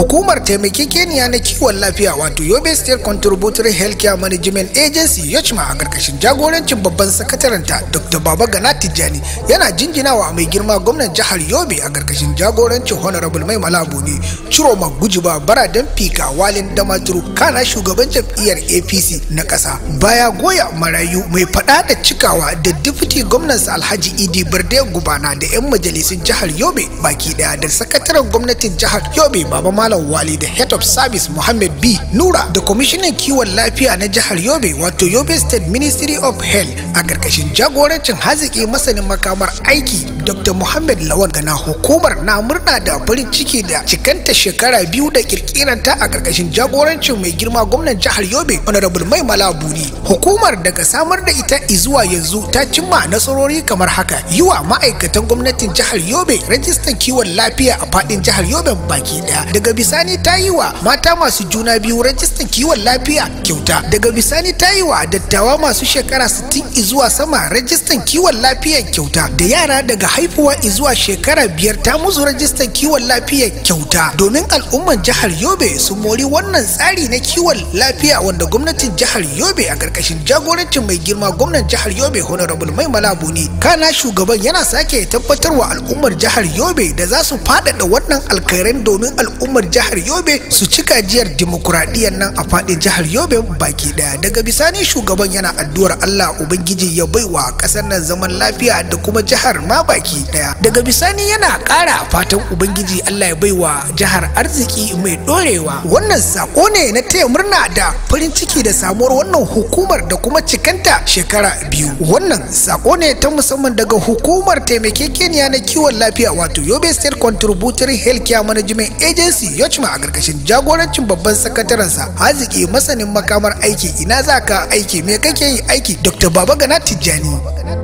hukumar taimakekeniya na kiwon lafiya wato yobe state contributory healthcare management agency yachma a karkashin jagorancin babban sakataranta dr baba gana tijjani yana jinjinawa mai girma gwamnan jihar yobe a karkashin jagorancin honorable mai malabu ne ciro bara don fika walin damaturu kana shugaban jam'iyyar apc na ƙasa baya goya marayu mai faɗa da cikawa da deputy gwamnan alhaji idi barde gubana da 'yan majalisun jihar yobe baki ɗaya da sakataren gwamnatin jihar yobe baba Malam Wali da Head of Service muhammed B. Nura da Kwamishinan Kiwon Lafiya na Jihar Yobe wato Yobe State Ministry of Health a ƙarƙashin jagorancin haziki masanin makamar aiki dr muhammad lawan gana hukumar na murna da farin ciki da cikanta shekara biyu da kirkiranta a karkashin jagorancin mai girma gwamnan jihar yobe honorable mai malabuni hukumar daga samar da ita izuwa yanzu ta cimma nasarori kamar haka Yiwa ma'aikatan gwamnatin jihar yobe rajistan kiwon lafiya a faɗin jihar yobe baki ɗaya daga bisani ta yi wa mata masu juna biyu rajistan kiwon lafiya kyauta daga bisani ta yi wa dattawa masu shekara 60 Zuwa sama rajistan kiwon lafiyar kyauta da yara daga haifuwa izuwa shekara biyar ta musu rajistan kiwon lafiyar kyauta domin al'ummar jihar yobe su mori wannan tsari na kiwon lafiya wanda gwamnatin jihar yobe a ƙarƙashin jagorancin mai girma gwamnan jihar yobe honorable mai malabu ne kana shugaban yana sake tabbatarwa al'ummar jihar yobe da za su faɗaɗa wannan alkairan domin al'ummar jihar yobe su ci gajiyar dimokuraɗiyyar nan a faɗin jihar yobe baki ɗaya daga bisani shugaban yana addu'ar allah ubangiji ubangiji ya baiwa ƙasar nan zaman lafiya da kuma jihar ma baki ɗaya. daga bisani yana ƙara fatan ubangiji allah ya baiwa jihar arziki mai ɗorewa wannan sako ne na taya murna da farin ciki da samuwar wannan hukumar da kuma cikanta shekara biyu wannan sako ne ta musamman daga hukumar taimakekeniya na kiwon lafiya wato yobe state contributory healthcare management agency yochma a ƙarƙashin jagorancin babban sakatarensa haziki masanin makamar aiki ina za ka aiki me kake yi aiki dr baba magana tijjani